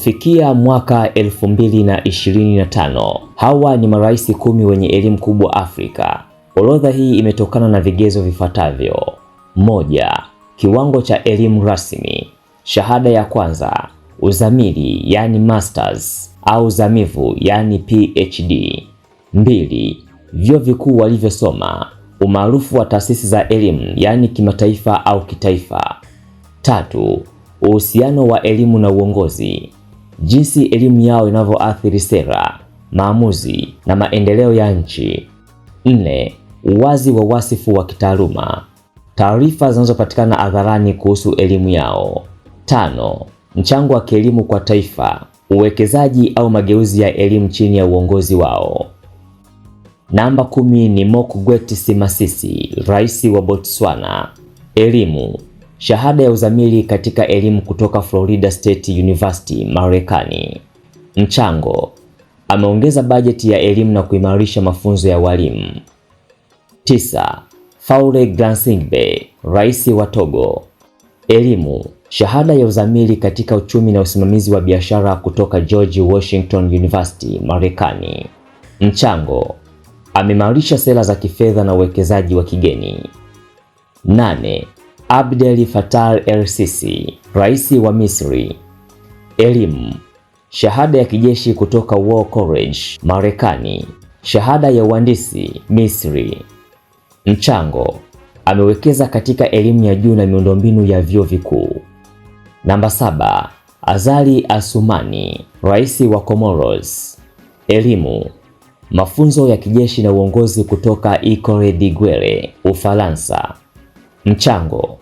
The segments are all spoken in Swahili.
kufikia mwaka 2025. Hawa ni marais kumi wenye elimu kubwa Afrika. Orodha hii imetokana na vigezo vifuatavyo: moja, kiwango cha elimu rasmi, shahada ya kwanza, uzamili yani masters au zamivu yani PhD. Mbili, vyuo vikuu walivyosoma, umaarufu wa taasisi za elimu yani kimataifa au kitaifa. Tatu, uhusiano wa elimu na uongozi, jinsi elimu yao inavyoathiri sera, maamuzi na maendeleo ya nchi. Nne, uwazi wa wasifu wa kitaaluma, taarifa zinazopatikana hadharani kuhusu elimu yao. Tano, mchango wa kielimu kwa taifa, uwekezaji au mageuzi ya elimu chini ya uongozi wao. Namba kumi ni Mokgweetsi Masisi, rais wa Botswana. Elimu shahada ya uzamili katika elimu kutoka Florida State University, Marekani. Mchango: ameongeza bajeti ya elimu na kuimarisha mafunzo ya walimu. Tisa, Faure Gransingbe, rais wa Togo. Elimu: shahada ya uzamili katika uchumi na usimamizi wa biashara kutoka George Washington University, Marekani. Mchango: ameimarisha sera za kifedha na uwekezaji wa kigeni. Nane, Abdel Fattah el-Sisi, rais wa Misri. Elimu: shahada ya kijeshi kutoka War College Marekani, shahada ya uhandisi Misri. Mchango: amewekeza katika elimu ya juu na miundombinu ya vyuo vikuu. Namba saba, Azali Asumani, rais wa Comoros. Elimu: mafunzo ya kijeshi na uongozi kutoka Ecole de Guerre, Ufaransa. Mchango: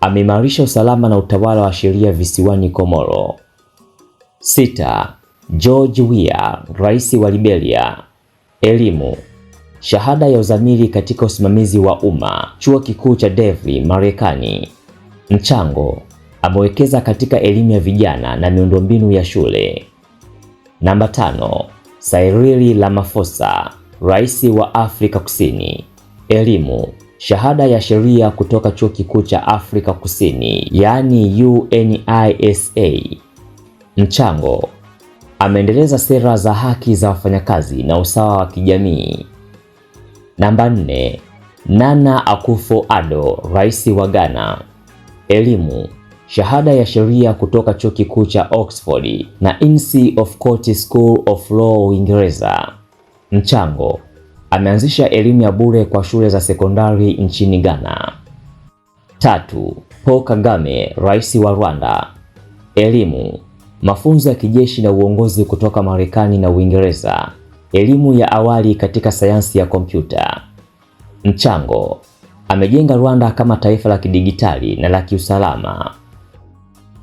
ameimarisha usalama na utawala wa sheria visiwani Komoro. Sita, George Weah, rais wa Liberia. Elimu: shahada ya uzamili katika usimamizi wa umma chuo kikuu cha Delhi Marekani. Mchango: amewekeza katika elimu ya vijana na miundombinu ya shule. Namba tano, Cyril Ramaphosa, rais wa Afrika Kusini. Elimu shahada ya sheria kutoka Chuo Kikuu cha Afrika Kusini, yaani UNISA. Mchango: ameendeleza sera za haki za wafanyakazi na usawa wa kijamii. Namba 4, Nana Akufo-Addo, rais wa Ghana. Elimu: shahada ya sheria kutoka Chuo Kikuu cha Oxford na Inns of Court School of Law Uingereza. Mchango: ameanzisha elimu ya bure kwa shule za sekondari nchini Ghana. Tatu, Paul Kagame, rais wa Rwanda. Elimu, mafunzo ya kijeshi na uongozi kutoka Marekani na Uingereza. Elimu ya awali katika sayansi ya kompyuta. Mchango, amejenga Rwanda kama taifa la kidigitali na la kiusalama.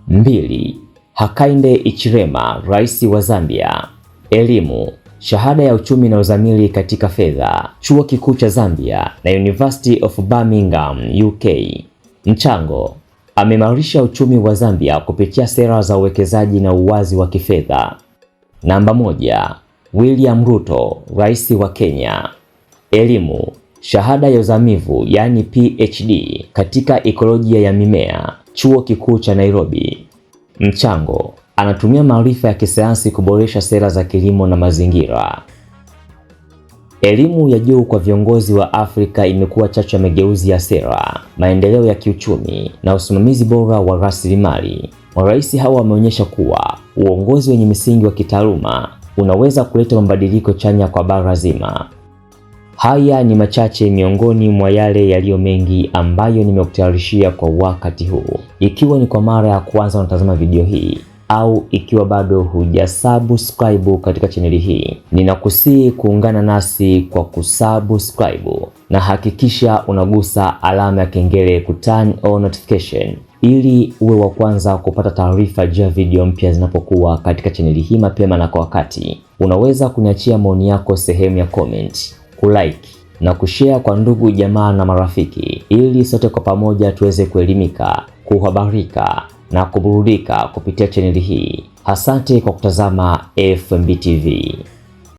Mbili, Hakainde Ichirema, rais wa Zambia. Elimu shahada ya uchumi na uzamili katika fedha, chuo kikuu cha Zambia na University of Birmingham, UK. Mchango ameimarisha uchumi wa Zambia kupitia sera za uwekezaji na uwazi wa kifedha. Namba moja, William Ruto, rais wa Kenya. Elimu, shahada ya uzamivu yaani PhD katika ekolojia ya mimea, chuo kikuu cha Nairobi. Mchango anatumia maarifa ya kisayansi kuboresha sera za kilimo na mazingira. Elimu ya juu kwa viongozi wa Afrika imekuwa chachu ya mageuzi ya sera, maendeleo ya kiuchumi na usimamizi bora wa rasilimali. Marais hawa wameonyesha kuwa uongozi wenye misingi wa kitaaluma unaweza kuleta mabadiliko chanya kwa bara zima. Haya ni machache miongoni mwa yale yaliyo mengi ambayo nimekutayarishia kwa wakati huu. Ikiwa ni kwa mara ya kwanza unatazama video hii au ikiwa bado hujasubscribe katika chaneli hii, ninakusihi kuungana nasi kwa kusubscribe na hakikisha unagusa alama ya kengele ku turn on notification ili uwe wa kwanza kupata taarifa juu ya video mpya zinapokuwa katika chaneli hii mapema na kwa wakati. Unaweza kuniachia maoni yako sehemu ya comment, kulike na kushare kwa ndugu jamaa na marafiki, ili sote kwa pamoja tuweze kuelimika, kuhabarika na kuburudika kupitia chaneli hii. Asante kwa kutazama FMB TV.